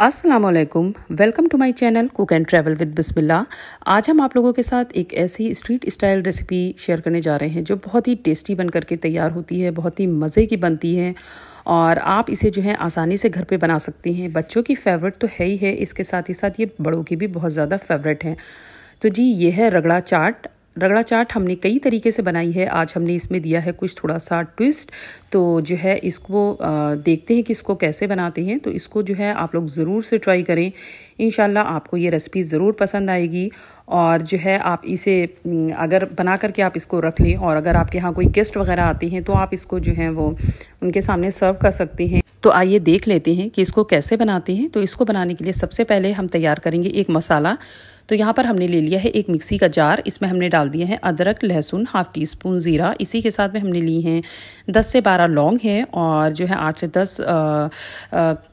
असलकुम welcome to my channel cook and travel with Bismillah आज हम आप लोगों के साथ एक ऐसी स्ट्रीट स्टाइल रेसिपी शेयर करने जा रहे हैं जो बहुत ही टेस्टी बन करके तैयार होती है बहुत ही मज़े की बनती है और आप इसे जो है आसानी से घर पे बना सकती हैं बच्चों की फेवरेट तो है ही है इसके साथ ही साथ ये बड़ों की भी बहुत ज़्यादा फेवरेट है तो जी ये है रगड़ा चाट रगड़ा चाट हमने कई तरीके से बनाई है आज हमने इसमें दिया है कुछ थोड़ा सा ट्विस्ट तो जो है इसको देखते हैं कि इसको कैसे बनाते हैं तो इसको जो है आप लोग ज़रूर से ट्राई करें इन आपको ये रेसिपी ज़रूर पसंद आएगी और जो है आप इसे अगर बना करके आप इसको रख लें और अगर आपके यहाँ कोई गेस्ट वगैरह आते हैं तो आप इसको जो है वो उनके सामने सर्व कर सकते हैं तो आइए देख लेते हैं कि इसको कैसे बनाते हैं तो इसको बनाने के लिए सबसे पहले हम तैयार करेंगे एक मसाला तो यहाँ पर हमने ले लिया है एक मिक्सी का जार इसमें हमने डाल दिए हैं अदरक लहसुन हाफ टी स्पून ज़ीरा इसी के साथ में हमने ली हैं दस से बारह लौंग है और जो है आठ से दस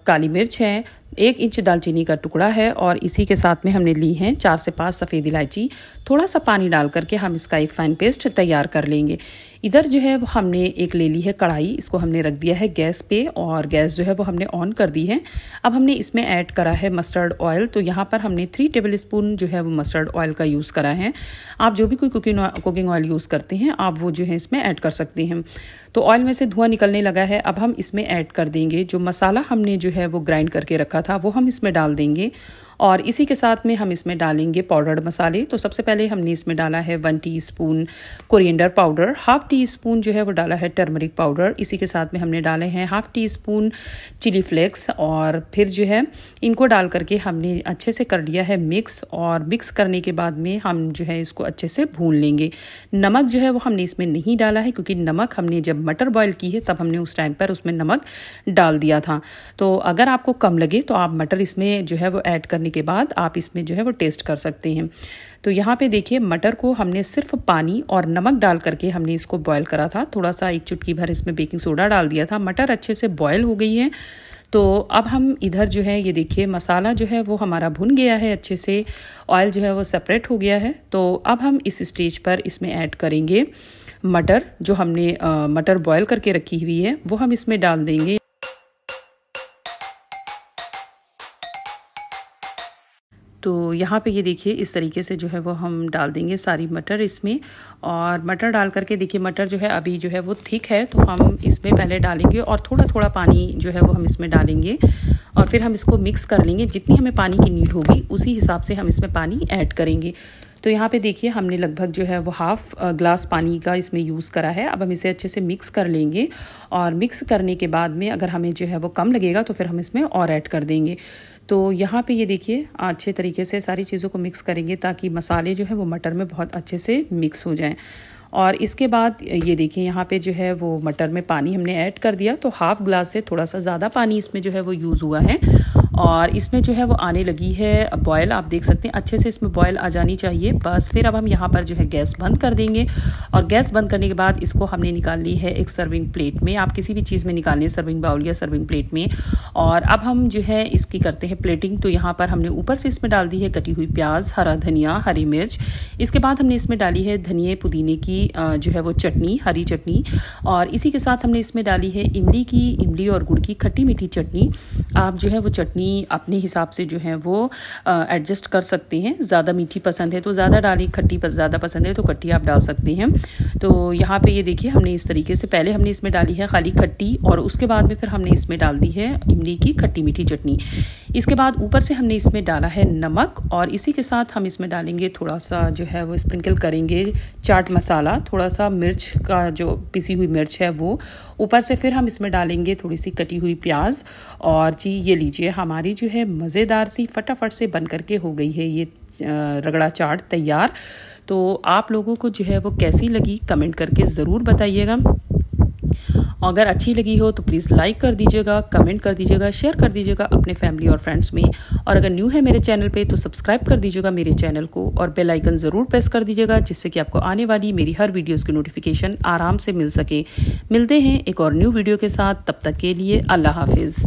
काली मिर्च है एक इंच दालचीनी का टुकड़ा है और इसी के साथ में हमने ली हैं चार से पांच सफ़ेद इलायची थोड़ा सा पानी डाल करके हम इसका एक फ़ाइन पेस्ट तैयार कर लेंगे इधर जो है वो हमने एक ले ली है कढ़ाई इसको हमने रख दिया है गैस पे और गैस जो है वो हमने ऑन कर दी है अब हमने इसमें ऐड करा है मस्टर्ड ऑयल तो यहाँ पर हमने थ्री टेबल स्पून जो है वो मस्टर्ड ऑयल का यूज़ करा है आप जो भी कोई कुकिंग कुकिंग ऑयल यूज़ करते हैं आप वो जो है इसमें ऐड कर सकते हैं तो ऑयल में से धुआं निकलने लगा है अब हम इसमें ऐड कर देंगे जो मसाला हमने जो है वो ग्राइंड करके रखा था वो हम इसमें डाल देंगे और इसी के साथ में हम इसमें डालेंगे पाउडर्ड मसाले तो सबसे पहले हमने इसमें डाला है one teaspoon coriander powder half teaspoon जो है वो डाला है टर्मरिक पाउडर इसी के साथ में हमने डाले हैं half teaspoon chilli flakes और फिर जो है इनको डाल करके हमने अच्छे से कर लिया है मिक्स और मिक्स करने के बाद में हम जो है इसको अच्छे से भून लेंगे नमक जो है वो हमने इसमें नहीं डाला है क्योंकि नमक हमने जब मटर बॉयल की है तब हमने उस टाइम पर उसमें नमक डाल दिया था तो अगर आपको कम लगे तो आप मटर इसमें जो है वो ऐड करने करने के बाद आप इसमें जो है वो टेस्ट कर सकते हैं तो यहाँ पे देखिए मटर को हमने सिर्फ पानी और नमक डाल करके हमने इसको बॉयल करा था थोड़ा सा एक चुटकी भर इसमें बेकिंग सोडा डाल दिया था मटर अच्छे से बॉयल हो गई है तो अब हम इधर जो है ये देखिए मसाला जो है वो हमारा भुन गया है अच्छे से ऑयल जो है वो सेपरेट हो गया है तो अब हम इस स्टेज पर इसमें ऐड करेंगे मटर जो हमने मटर बॉयल करके रखी हुई है वो हम इसमें डाल देंगे तो यहाँ पे ये देखिए इस तरीके से जो है वो हम डाल देंगे सारी मटर इसमें और मटर डाल करके देखिए मटर जो है अभी जो है वो थिक है तो हम इसमें पहले डालेंगे और थोड़ा थोड़ा पानी जो है वो हम इसमें डालेंगे और फिर हम इसको मिक्स कर लेंगे जितनी हमें पानी की नीड होगी उसी हिसाब से हम इसमें पानी ऐड करेंगे तो यहाँ पे देखिए हमने लगभग जो है वो हाफ़ ग्लास पानी का इसमें यूज़ करा है अब हम इसे अच्छे से मिक्स कर लेंगे और मिक्स करने के बाद में अगर हमें जो है वो कम लगेगा तो फिर हम इसमें और ऐड कर देंगे तो यहाँ पे ये देखिए अच्छे तरीके से सारी चीज़ों को मिक्स करेंगे ताकि मसाले जो है वो मटर में बहुत अच्छे से मिक्स हो जाएँ और इसके बाद ये देखिए यहाँ पे जो है वो मटर में पानी हमने ऐड कर दिया तो हाफ़ ग्लास से थोड़ा सा ज़्यादा पानी इसमें जो है वो यूज़ हुआ है और इसमें जो है वो आने लगी है बॉयल आप देख सकते हैं अच्छे से इसमें बॉयल आ जानी चाहिए बस फिर अब हम यहाँ पर जो है गैस बंद कर देंगे और गैस बंद करने के बाद इसको हमने निकाल ली है एक सर्विंग प्लेट में आप किसी भी चीज़ में निकाल लें सर्विंग बाउल या सर्विंग प्लेट में और अब हम जो है इसकी करते हैं प्लेटिंग तो यहाँ पर हमने ऊपर से इसमें डाल दी है कटी हुई प्याज हरा धनिया हरी मिर्च इसके बाद हमने इसमें डाली है धनिए पुदीने की जो है वो चटनी हरी चटनी और इसी के साथ हमने इसमें डाली है इमली की इमली और गुड़ की खट्टी मीठी चटनी आप जो है वो चटनी अपने हिसाब से जो है वो एडजस्ट कर सकते हैं ज़्यादा मीठी पसंद है तो ज़्यादा डाली खट्टी ज़्यादा पसंद है तो खट्टी आप डाल सकते हैं तो यहाँ पे ये देखिए हमने इस तरीके से पहले हमने इसमें डाली है खाली खट्टी और उसके बाद में फिर हमने इसमें डाल दी है इमली की खट्टी मीठी चटनी इसके बाद ऊपर से हमने इसमें डाला है नमक और इसी के साथ हम इसमें डालेंगे थोड़ा सा जो है वो स्प्रिंकल करेंगे चाट मसाला थोड़ा सा मिर्च का जो पिसी हुई मिर्च है वो ऊपर से फिर हम इसमें डालेंगे थोड़ी सी कटी हुई प्याज और जी ये लीजिए हमारी जो है मज़ेदार सी फटाफट से बन करके हो गई है ये रगड़ा चाट तैयार तो आप लोगों को जो है वो कैसी लगी कमेंट करके ज़रूर बताइएगा और अगर अच्छी लगी हो तो प्लीज़ लाइक कर दीजिएगा कमेंट कर दीजिएगा शेयर कर दीजिएगा अपने फैमिली और फ्रेंड्स में और अगर न्यू है मेरे चैनल पे तो सब्सक्राइब कर दीजिएगा मेरे चैनल को और बेल आइकन ज़रूर प्रेस कर दीजिएगा जिससे कि आपको आने वाली मेरी हर वीडियोज़ की नोटिफिकेशन आराम से मिल सके मिलते हैं एक और न्यू वीडियो के साथ तब तक के लिए अल्लाह हाफिज़